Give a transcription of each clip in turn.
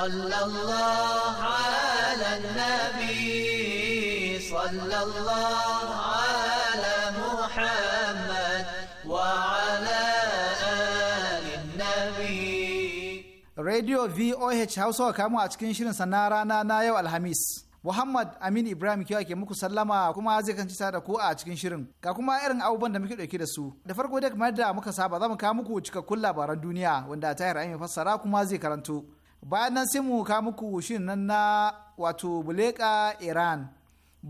صلى الله على النبي صلى الله على محمد وعلى آل النبي راديو في او اتش kamu a cikin shirin sana rana na yau alhamis Muhammad Amin Ibrahim kyau ke muku sallama kuma zai kanci da ku a cikin shirin. Ga kuma irin abubuwan da muke ɗauke da su. Da farko dai kamar da muka saba za mu kawo muku cikakkun labaran duniya wanda ta yi ra'ayin fassara kuma zai karanto. bayan nan sai mu ka muku shirin nan na wato buleka iran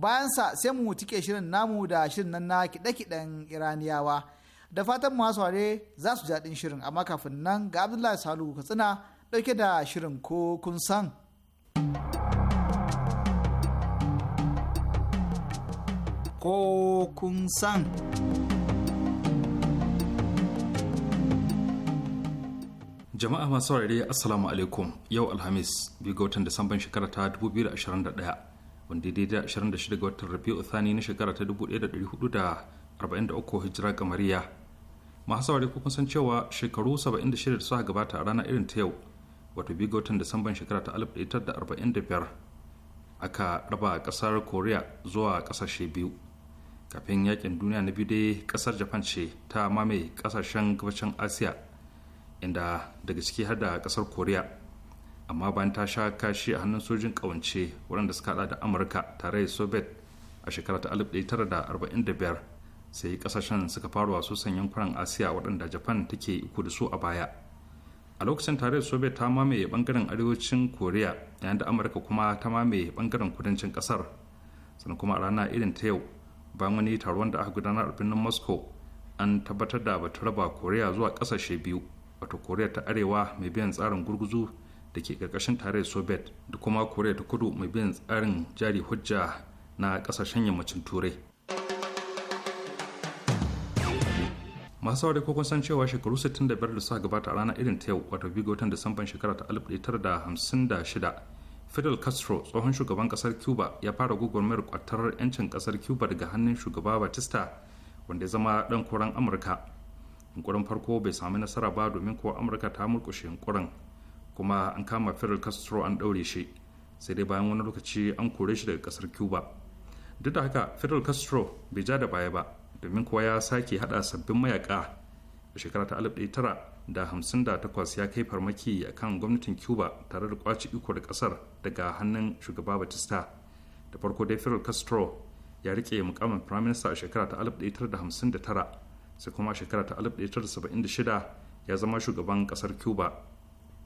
bayan sa sai mu tike shirin namu da shirin nan na kiɗe-kiɗen iraniyawa da fatan masu ware za su jaɗin shirin amma kafin nan ga abdullahi salu katsina ɗauke da shirin ko kun san. ko kun san. jama'a masu saurare assalamu alaikum yau alhamis biyu ga watan disamban shekara ta 2021 wanda daidai 26 ga watan rabi'u thani na shekara ta 1443 hijira kamariya masu saurare ko kun san cewa shekaru 76 da suka gabata a ranar irin ta yau wato biyu ga watan disamban shekara ta 1945 aka raba kasar korea zuwa kasashe biyu kafin yakin duniya na biyu dai kasar japan ce ta mamaye kasashen gabashin asiya inda daga ciki har da kasar koriya amma bayan ta sha kashi a hannun sojin kawance waɗanda suka hada da amurka tare da soviet a shekara ta 1945 sai kasashen suka fara wasu sanyin faran asiya waɗanda japan take iko da su a baya a lokacin tare da soviet ta mamaye bangaren arewacin koriya yayin da amurka kuma ta mamaye bangaren kudancin kasar sannan kuma a rana irin ta yau bayan wani taruwan da aka gudanar a birnin moscow an tabbatar da bata raba koriya zuwa kasashe biyu wato koriya ta arewa mai biyan tsarin gurguzu da ke karkashin tarayyar soviet da kuma koriya ta kudu mai biyan tsarin jari hujja na kasashen yammacin turai masu saurari ko san cewa shekaru 65 da suka gabata a ranar irin ta yau wato biyu watan disamban shekara ta 1956 fidel castro tsohon shugaban kasar cuba ya fara gugurmayar kwatar 'yancin kasar cuba daga hannun shugaba batista wanda ya zama dan koran amurka yunkurin farko bai sami nasara ba domin kuwa amurka ta murkushe yunkurin kuma an kama fidel castro an ɗaure shi sai dai bayan wani lokaci an kore shi daga kasar cuba duk da haka fidel castro bai ja da baya ba domin kowa ya sake hada sabbin mayaka a shekara ta takwas ya kai farmaki a kan gwamnatin cuba tare da kwaci iko da kasar daga hannun shugaba batista da farko dai fidel castro ya rike mukamin firaminista a shekara ta 1959 sai kuma shekara ta 1976 ya zama shugaban kasar cuba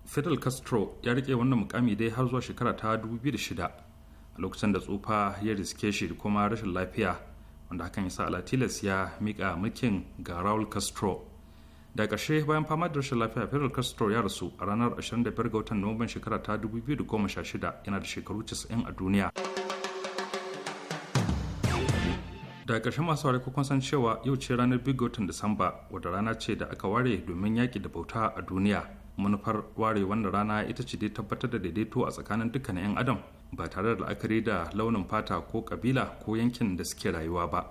fidel castro ya rike wannan mukami dai har zuwa shekara ta 2006 a lokacin da tsufa ya riske shi da kuma rashin lafiya wanda hakan ya sa alatilas ya mika mulkin ga raul castro da karshe bayan fama da rashin lafiya fidel castro ya rasu a ranar 25 ga watan nuwamban shekara ta 2016 yana da shekaru 90 a duniya da ƙarshen masu ware kun san cewa yau ce ranar bigotin disamba wadda rana ce da aka ware domin yaƙi da bauta a duniya manufar ware wannan rana ita ce dai tabbatar da daidaito a tsakanin dukkanin 'yan adam ba tare da la'akari da launin fata ko kabila ko yankin da suke rayuwa ba.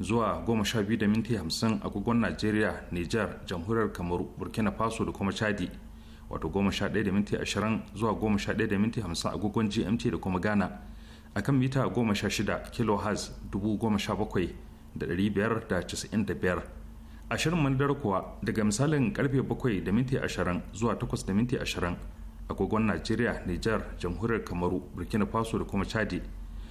zuwa goma sha biyu da minti agogon najeriya niger jamhuriyar kamaru burkina faso da kuma chadi wato goma sha ɗaya zuwa goma sha ɗaya agogon gmt da kuma ghana akan mita goma sha shida kilohertz dubu goma bakwai da biyar da da biyar ashirin mandar kuwa daga misalin karfe bakwai da minti ashirin zuwa takwas da minti ashirin agogon najeriya niger jamhuriyar kamaru burkina faso da kuma chadi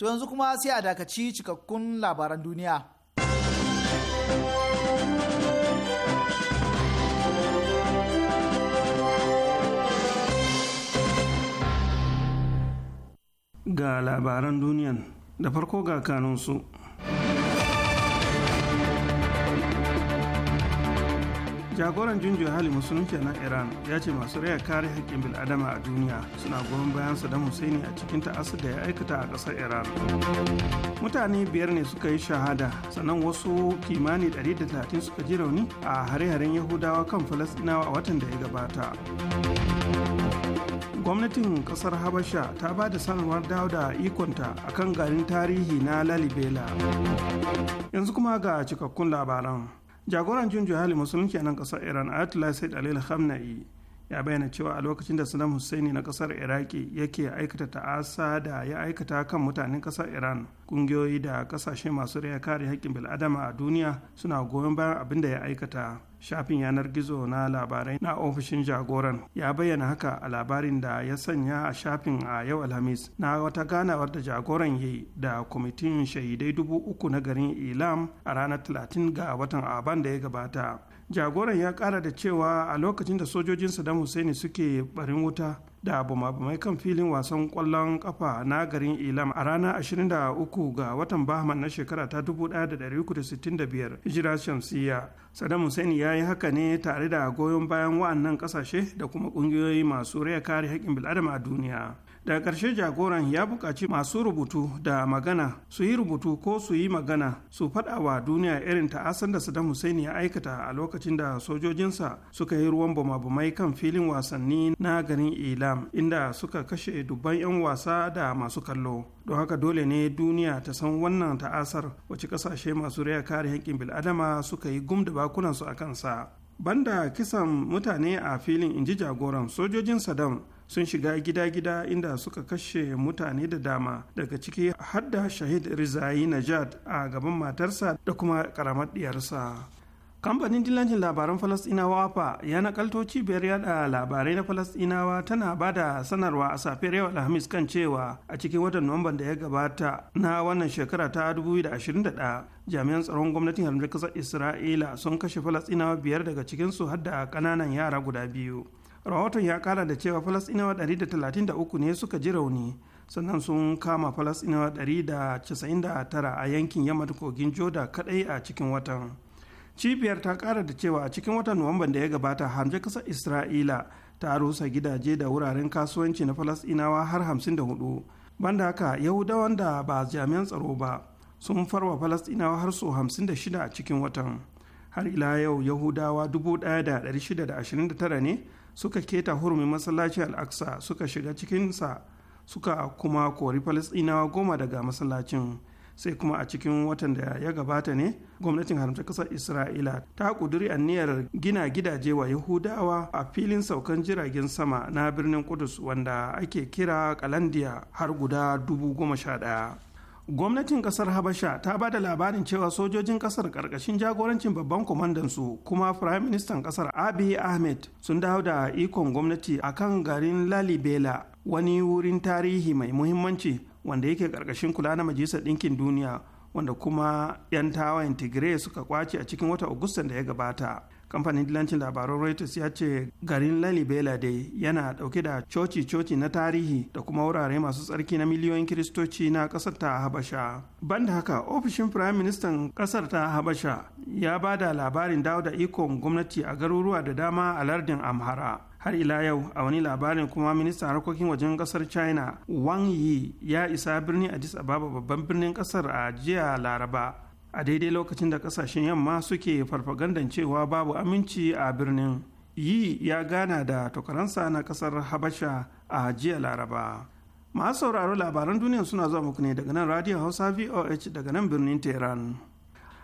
To yanzu kuma sai a dakaci cikakkun labaran duniya. Ga labaran duniyan da farko ga kanunsu. jagoran jinjin hali musulunci na iran ya ce masu raya kare haƙƙin bil'adama a duniya suna goyon bayan saddam hussein a cikin ta'asar da ya aikata a ƙasar iran mutane biyar ne suka yi shahada sannan wasu kimani 130 suka ji rauni a hare-haren yahudawa kan falasɗinawa a watan da ya gabata gwamnatin kasar habasha ta ba da sanarwar dawo da ikonta a kan garin tarihi na lalibela yanzu kuma ga cikakkun labaran jagoran jin hali musulunci a nan kasar iran ayatollah said alil khamenei ya bayyana cewa a lokacin da saddam hussein na kasar iraki yake aikata ta'asa da ya aikata kan mutanen kasar iran kungiyoyi da kasashe masu raya kare haƙƙin bil'adama a duniya suna goyon bayan abin da ya aikata shafin yanar gizo na labarai na ofishin jagoran ya bayyana haka a labarin da ya sanya a shafin a yau alhamis na wata ganawar da jagoran ya yi da kwamitin shahidai dubu uku na garin ilam a ranar talatin ga watan aban da ya gabata jagoran ya kara da cewa a lokacin da sojojin saddam hussein suke barin wuta da bumabumai kan filin wasan kwallon kafa na garin ilam a ranar 23 ga watan bahman na shekara ta 1365 hijira shamsiya saddam hussein ya yi haka ne tare da goyon bayan wa'annan kasashe da kuma kungiyoyi masu raya kare haƙƙin bil'adama a duniya da ƙarshe jagoran ya buƙaci masu rubutu da magana su yi rubutu ko su yi magana su faɗa wa duniya irin ta'asar da Saddam Hussein ya aikata a lokacin da sojojinsa suka yi ruwan bama-bamai kan filin wasanni na garin Ilam inda suka kashe dubban 'yan wasa da masu kallo. Don haka dole ne duniya ta san wannan ta'asar wace ƙasashe masu raya kare hankin bil'adama suka yi gum da bakunansu a kansa. Banda kisan mutane a filin inji jagoran sojojin Saddam sun shiga gida-gida inda suka kashe mutane da dama daga ciki hadda shahid rizayi najad a gaban matarsa da kuma karamar diyarsa kamfanin dilancin labaran falasɗinawa fa ya nakalto cibiyar yada labarai na falasɗinawa tana ba da sanarwa a safiyar yau alhamis kan cewa a cikin watan nuwamban da ya gabata na wannan shekara ta 2021 jami'an tsaron gwamnatin harbi kasar isra'ila sun kashe falasɗinawa biyar daga cikinsu har da ƙananan yara guda biyu rahoton ya kara da cewa falasinawa 133 ne suka ji rauni sannan sun kama falasɗinawa 199 a yankin yamma kogin joda kadai a cikin watan cibiyar ta kara da cewa a cikin watan nuwamban da ya gabata hamje kasar isra'ila ta rusa gidaje da wuraren kasuwanci na falasinawa har 54 banda haka yahudawan da ba jami'an tsaro ba sun farwa falasinawa har su 56 a cikin watan har ila yau yahudawa 1629 ne suka keta hurumin masallacin al'aksa suka shiga cikinsa suka kuma kori falasɗinawa goma daga masallacin sai kuma a cikin watan da ya gabata ne gwamnatin haramta kasar isra'ila ta kuduri aniyar gina gidaje wa yahudawa a filin saukan jiragen sama na birnin kudus wanda ake kira kalandiya har guda dubu goma sha ɗaya gwamnatin kasar habasha ta ba da labarin cewa sojojin kasar karkashin jagorancin babban kwamandansu kuma firayim ministan kasar abi ahmed sun dawo da ikon gwamnati a kan garin lalibela wani wurin tarihi mai muhimmanci wanda yake karkashin kula na majalisar ɗinkin duniya wanda kuma 'yan tawayen tigray suka kwace a cikin wata agustan da ya gabata kamfanin dilancin labarun reuters ya ce garin lalibela dai yana dauke da coci-coci na tarihi da kuma wurare masu tsarki na miliyoyin kiristoci na kasar ta habasha banda haka ofishin firayim ministan kasar ta habasha ya ba da labarin dawo da ikon gwamnati a garuruwa da dama a lardin amhara har ila yau a wani labarin kuma ministan harkokin wajen kasar china wang yi ya isa birni addis ababa babban birnin kasar a jiya laraba a daidai lokacin da kasashen yamma suke farfagandan cewa babu aminci a birnin yi ya gana da tokaransa na kasar habasha a jiya laraba masu sauraro labaran duniya suna zuwa muku ne daga nan radio hausa voh daga nan birnin tehran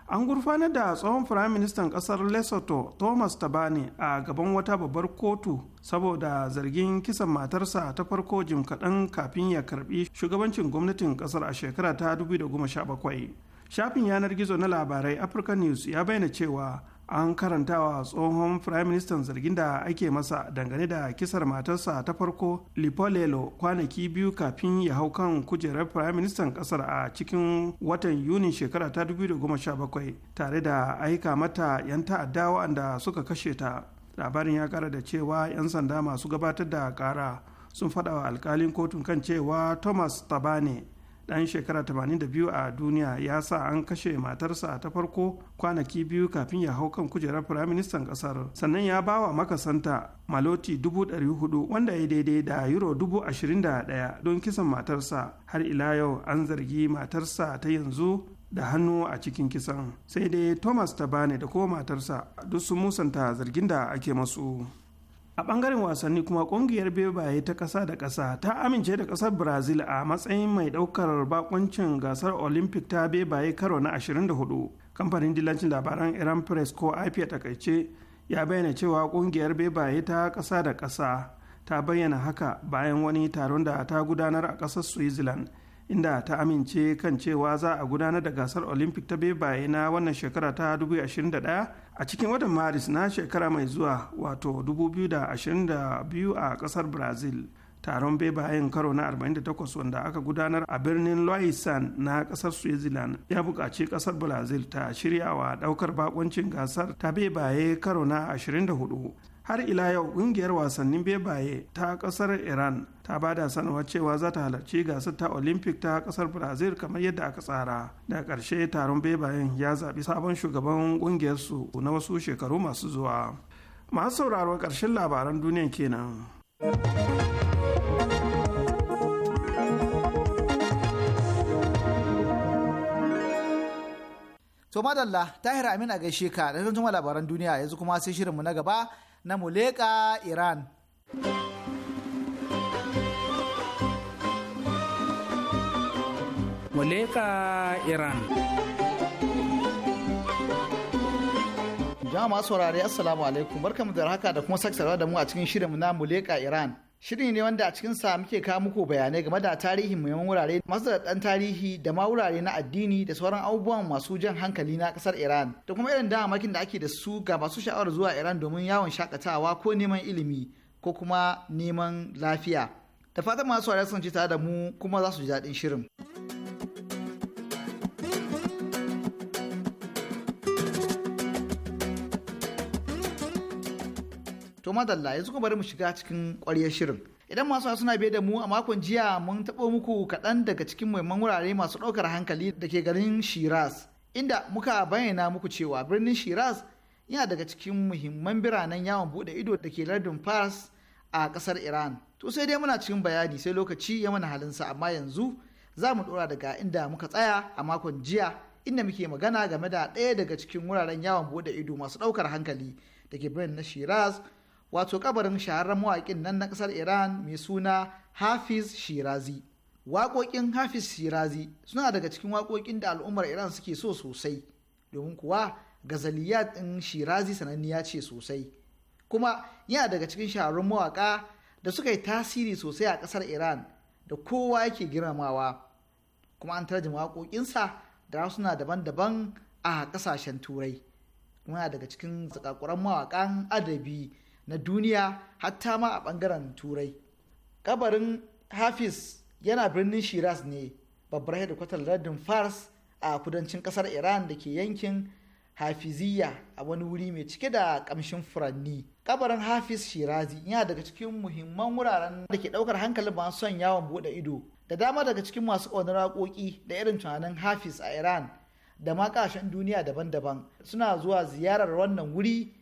an gurfanar da tsohon firaministan kasar lesotho thomas Tabani a gaban wata babbar kotu saboda zargin kisan matarsa ta farko jim kaɗan kafin ya karbi shugabancin gwamnatin kasar a shekara ta 2017 shafin yanar gizo na labarai africa news ya bayyana cewa an karantawa tsohon firaministan zargin da ake masa dangane da kisar matarsa ta farko lipolelo kwanaki biyu kafin ya hau kan kujerar firaministan kasar a cikin watan yunin shekara ta 2017 tare da aika mata 'yan ta'adda wa'anda suka kashe ta labarin ya kara da cewa 'yan sanda masu gabatar da kara sun faɗa wa alkalin kotun kan cewa thomas tabane ɗan shekara 82 a duniya ya sa an kashe matarsa ta farko kwanaki biyu kafin ya hau kan kujerar firaministan ƙasar sannan ya ba wa makasanta maloti 400 wanda ya daidai da euro 21 don kisan matarsa har ila yau an zargi matarsa ta yanzu da hannu a cikin kisan sai dai thomas tabane da kuma matarsa duk sun musanta zargin da ake masu a bangaren wasanni kuma kungiyar bebaye ta kasa da kasa ta amince da kasar brazil a matsayin mai daukar bakuncin gasar olympic ta bebaye karo na 24 kamfanin dilancin labaran iran press ko ip a takaice ya bayyana cewa kungiyar bebaye ta kasa da kasa ta bayyana haka bayan wani taron da ta gudanar a kasar switzerland inda ta amince kan cewa za a gudanar da gasar olympic ta bebaye na wannan shekara ta 2021 a cikin watan maris na shekara mai zuwa wato 2022 a kasar brazil taron bebayen karo na 48 wanda aka gudanar a birnin loisan na kasar switzerland ya buƙaci kasar brazil ta shirya wa daukar bakoncin gasar ta bebaye karo na 24 har ila yau kungiyar wasannin bebaye ta kasar iran ta ba da sanarwar cewa za ta halarci gasar ta olympic ta kasar brazil kamar yadda aka tsara da ƙarshe taron bebayen ya zaɓi sabon shugaban ƙungiyarsu na wasu shekaru masu zuwa masu sauraro ƙarshen labaran duniya kenan. To madalla Tahir Amin a gaishe ka da labaran duniya yanzu kuma sai shirinmu na gaba na Muleka Iran. Muleka Iran. Jama'a saurari, Assalamu alaikum barkamu da haka da kuma sake da mu a cikin shirinmu na Muleka Iran. Shiri ne wanda a cikin sa muke kawo muku bayanai game da tarihin muhimman wurare masu da ɗan tarihi da ma wurare na addini da sauran abubuwan masu jan hankali na kasar Iran da kuma irin damakin da ake da su ga masu sha'awar zuwa Iran domin yawon shakatawa ko neman ilimi ko kuma neman lafiya. Da fatan masu wurare sun ci tare da mu kuma za su ji daɗin shirin. to madalla yanzu kuma bari mu shiga cikin ƙwaryar shirin idan masu suna biye da mu a makon jiya mun taɓo muku kaɗan daga cikin muhimman wurare masu ɗaukar hankali da ke garin shiraz inda muka bayyana muku cewa birnin shiraz yana daga cikin muhimman biranen yawon buɗe ido da ke lardin fars a ƙasar iran to sai dai muna cikin bayani sai lokaci ya mana halinsa amma yanzu za mu ɗora daga inda muka tsaya a makon jiya inda muke magana game da ɗaya daga cikin wuraren yawon buɗe ido masu ɗaukar hankali da ke birnin na shiraz wato kabarin shaharar mawaƙin nan na ƙasar iran mai suna hafiz shirazi waƙoƙin hafiz shirazi suna daga cikin waƙoƙin da al'ummar iran suke so sosai domin kuwa gazaliyat ɗin shirazi sananniya ce sosai kuma yana daga cikin shahararrun mawaƙa da suka yi tasiri sosai a ƙasar iran da kowa yake girmamawa kuma an tarjima waƙoƙinsa da suna daban-daban a ƙasashen turai kuma daga cikin zakakuran mawaƙan adabi na duniya hatta ma a ɓangaren turai kabarin hafiz yana birnin shiraz ne babbar hedikwatar lardin fars a kudancin kasar iran da ke yankin Hafiziyya a wani wuri mai cike da kamshin furanni kabarin hafiz shirazi yana daga cikin muhimman wuraren da ke daukar hankalin masu son yawon bude ido da dama daga cikin masu ƙaunar raƙoƙi da irin tunanin hafiz a iran da ma ƙasashen duniya daban-daban suna zuwa ziyarar wannan wuri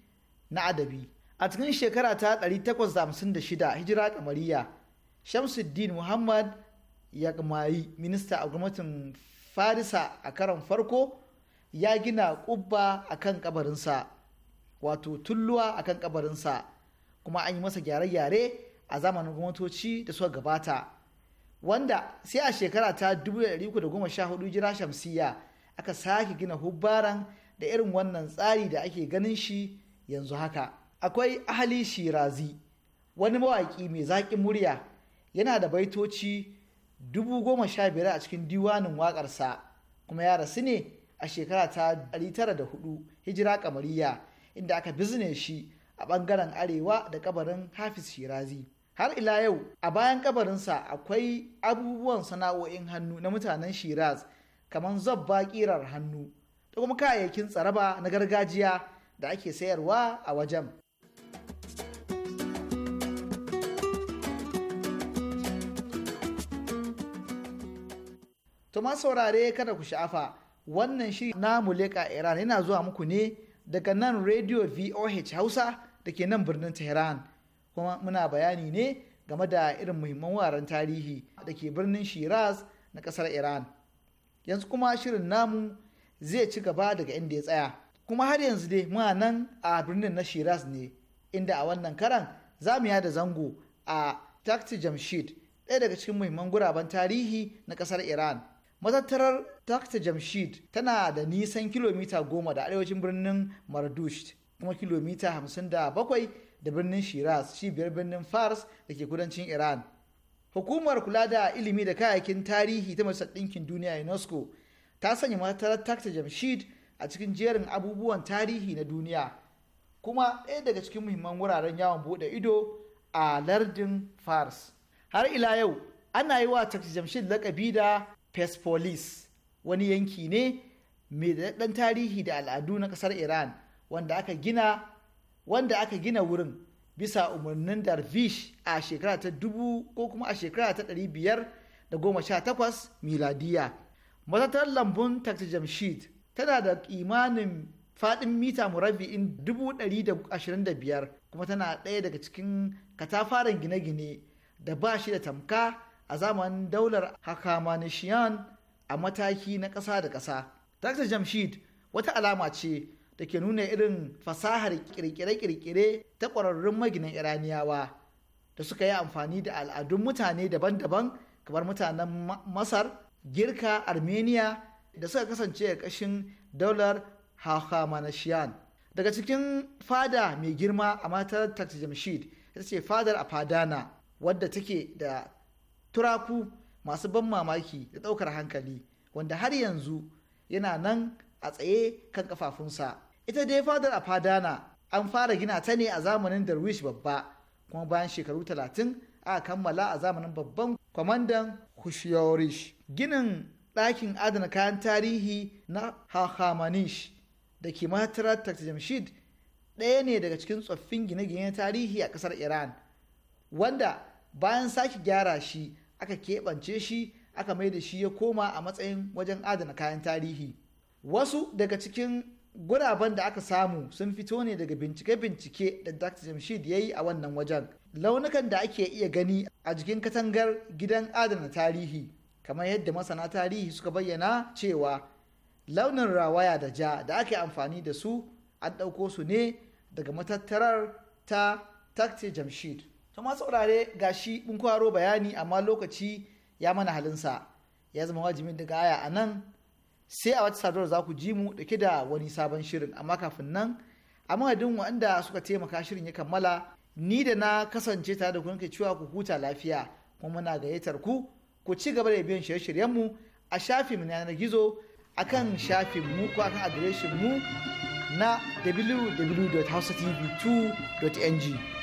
na adabi a cikin shekara ta 856 hijira kamariya shamsuddin muhammad yagmayi minista a gwamnatin farisa a karon farko ya gina kubba a kan kabarinsa wato tulluwa a kan kabarinsa kuma an yi masa gyare-gyare a zamanin gwamnatoci da suka gabata wanda sai a shekara ta 1314 jira shamsiya aka sake gina hubbaran da irin wannan tsari da ake ganin shi yanzu haka. akwai ahali shirazi wani mawaƙi mai zaƙin murya yana da baitoci dubu goma sha biyar a cikin diwanin waƙarsa kuma ya rasu ne a shekara ta hudu hijira kamariya inda aka bizne shi a ɓangaren arewa da kabarin hafiz shirazi har ila yau a bayan kabarinsa akwai abubuwan sana'o'in hannu na mutanen shiraz kamar zabba ƙirar hannu da kuma kayayyakin tsaraba na gargajiya da ake sayarwa a wajen To ma saurare kada ku sha'afa wannan shi na muleka Iran yana zuwa muku ne daga nan Radio VOH Hausa da ke nan birnin Tehran. Kuma muna bayani ne game da irin muhimman wuraren tarihi da ke birnin Shiraz na kasar Iran. Yanzu kuma shirin namu zai ci gaba daga inda ya tsaya. Kuma har yanzu dai muna nan a birnin na Shiraz ne inda a wannan karan za mu yada zango a Takti Jamshid ɗaya daga cikin muhimman guraben tarihi na ƙasar Iran. matattarar takta jamshid tana da nisan kilomita goma da arewacin birnin mardush kuma kilomita hamsin da bakwai da birnin shiraz cibiyar birnin fars da ke kudancin iran hukumar kula da ilimi da kayayyakin tarihi ta majalisar ɗinkin duniya unesco ta sanya matattarar takta jamshid a cikin jerin abubuwan tarihi na duniya kuma ɗaya daga cikin muhimman wuraren yawon buɗe ido a lardin fars har ila yau ana yi wa takta jamshid lakabi da Persepolis wani yanki ne mai daɗaɗɗen tarihi da al'adu na ƙasar Iran wanda aka gina wanda aka gina wurin bisa umarnin Darvish a shekara ta dubu ko kuma a shekara ta ɗari biyar da goma sha takwas miladiya. Matatar lambun Takta Jamshid tana da kimanin faɗin mita murabbi'in dubu ɗari da ashirin da biyar kuma tana ɗaya daga cikin katafaren gine-gine da ba shi da tamka a zamanin daular Hakamanishiyan a mataki na ƙasa da ƙasa. Dr. Jamshid wata alama ce da ke nuna irin fasahar kirkire-kirkire ta ƙwararrun maginan Iraniyawa da suka yi amfani da al'adun mutane daban-daban kamar mutanen Masar, Girka, Armenia da suka kasance a ƙashin daular Hakamanishiyan. Daga cikin fada mai girma a matar Dr. Jamshid ita ce fadar a fadana wadda take da turaku masu ban mamaki da ɗaukar hankali wanda har yanzu yana nan a tsaye kan kafafunsa ita dai fadar a fadana an fara gina ta ne a zamanin darwish babba kuma bayan shekaru talatin a kammala a zamanin babban kwamandan hushiyorish ginin ɗakin adana kayan tarihi na hahamanish da ke matarar jamshid ɗaya ne daga cikin tsoffin gine gine tarihi a ƙasar iran wanda bayan sake gyara shi aka keɓance shi aka mai da shi ya koma a matsayin wajen adana kayan tarihi wasu daga cikin guraben da aka samu sun fito ne daga bincike-bincike da dr jamshid ya yi a wannan wajen launukan da ake iya gani a jikin katangar gidan adana tarihi kamar yadda masana tarihi suka bayyana cewa launin rawaya da ja da ake amfani da su an ɗauko su ne daga matattarar ta takti jamshid to ma saurare gashi mun kwaro bayani amma lokaci ya mana halinsa ya zama wajibin daga aya a nan sai a wata sadarwar za ku ji mu da da wani sabon shirin amma kafin nan a madadin wanda suka taimaka shirin ya kammala ni da na kasance tare da kunke cewa ku huta lafiya kuma muna gayyatar ku ku ci gaba da biyan shirye shiryen mu a shafin na yanar gizo akan shafin mu ko akan adireshin mu na www.hausatv2.ng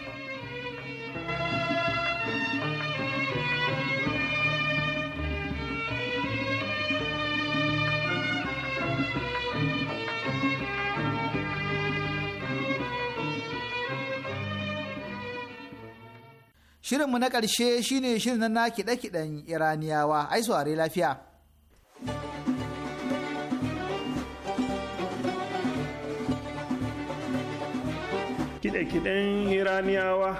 Shirinmu na ƙarshe shine shirin na kiɗe-kiɗen Iraniyawa, ai saurare lafiya. Kiɗe-kiɗen Iraniyawa.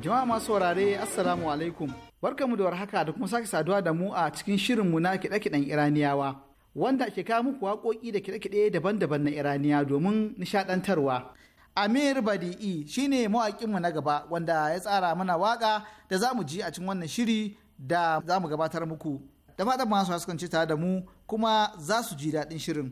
Jama'a masu saurare Assalamu alaikum. Barkanmu da warhaka da kuma sake saduwa da mu a cikin shirinmu na kiɗe-kiɗen Iraniyawa. wanda ke kawo muku waƙoƙi da kiɗe-kiɗe daban-daban na iraniya domin nishaɗantarwa amir badi'i shine mawaƙinmu na gaba wanda ya tsara mana waƙa da za mu ji a cikin wannan shiri da za mu gabatar muku da fatan masu haskanci tare da mu kuma za su ji daɗin shirin.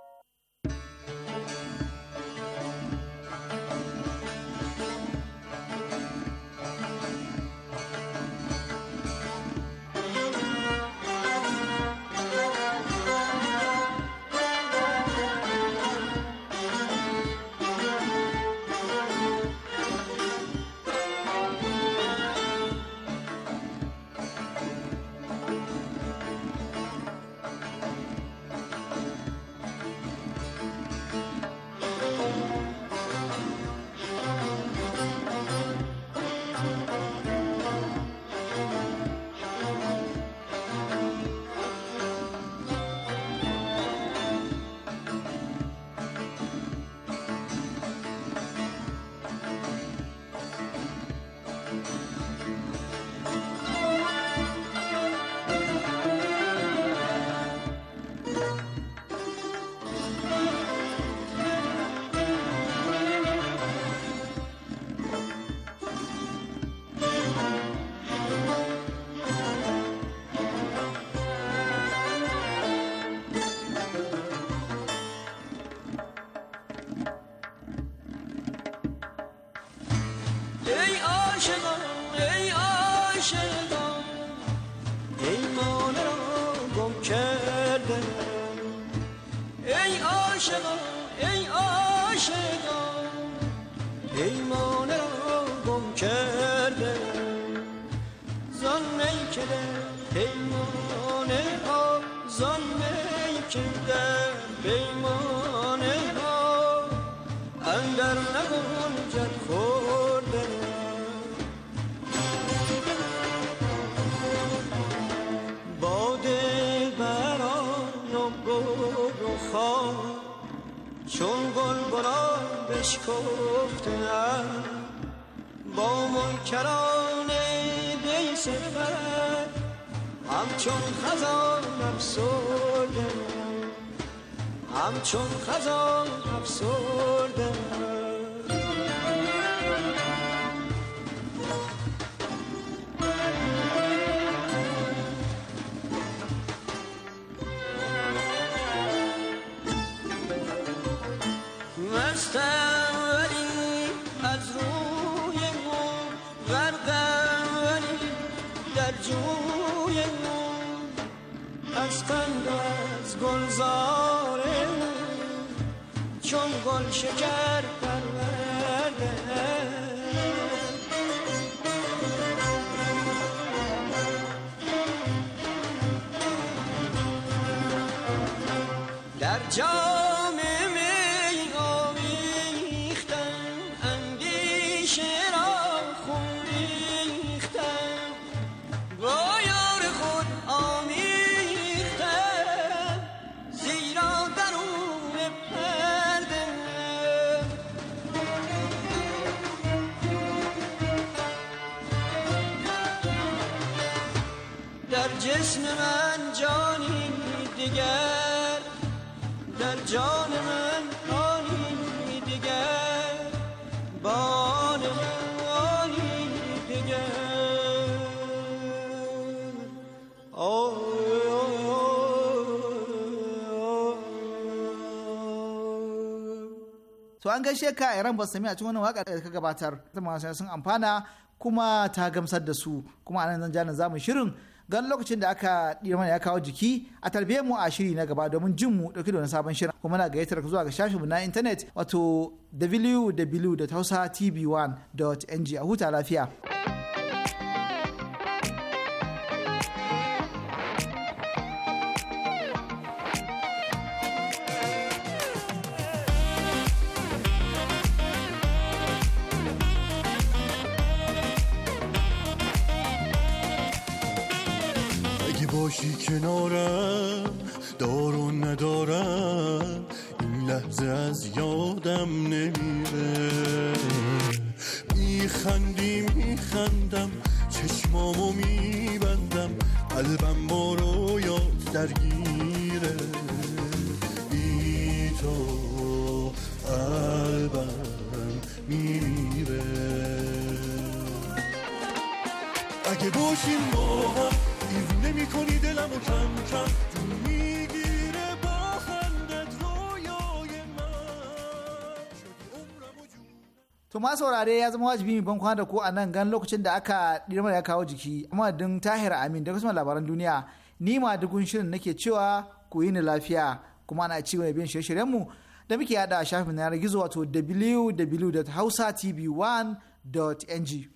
پیمانه ها زان میکیدن پیمانه ها اندر نگنجد خوردن باد بران و گل و چون گل گلان بشکفتن با منکران سفر همچون خزان سردم همچون خزان سردم understand گلزاره چون گل شکر دیگر در To an gaishe ka a ba sami a cikin wani waka da ka gabatar. Masu sun amfana kuma ta gamsar da su kuma anan zan na zamu shirin gan lokacin da aka ɗira mana ya kawo jiki a tarbiyyar mu a shiri na gaba domin jin mu ɗauki da wani sabon shirin kuma na gayyatar zuwa ga shafin mu na intanet wato www.hausatv1.ng a huta lafiya. باشی کنارم دار و ندارم این لحظه از یادم نمیره میخندی میخندم چشمامو میبندم قلبم با رویات درگیره بی تو قلبم میمیره اگه باشیم با هم نمی کنی To ma saurare ya zama wajibi mu ban kwana da ko a nan gan lokacin da aka dirma ya kawo jiki amma din tahir amin da kusa labaran duniya ni ma dugun shirin nake cewa ku yi ni lafiya kuma ana ci gaba biyan shirye-shiryen mu da muke yada a shafin yanar gizo wato www.hausatv1.ng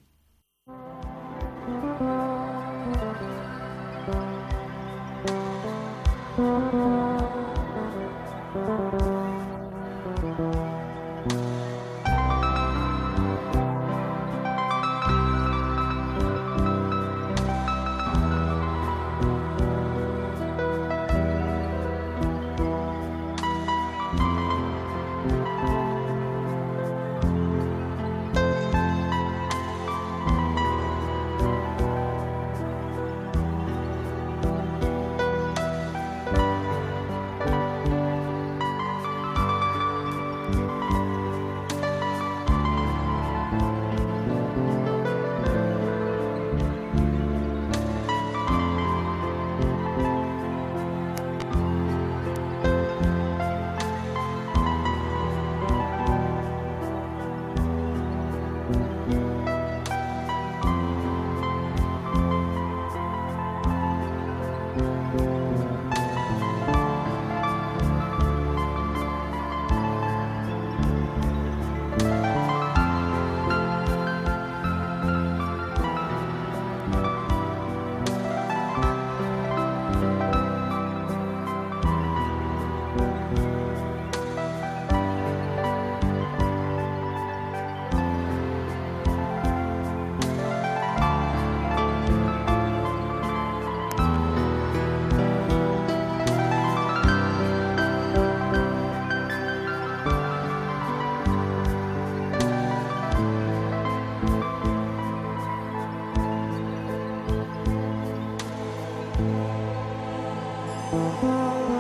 Música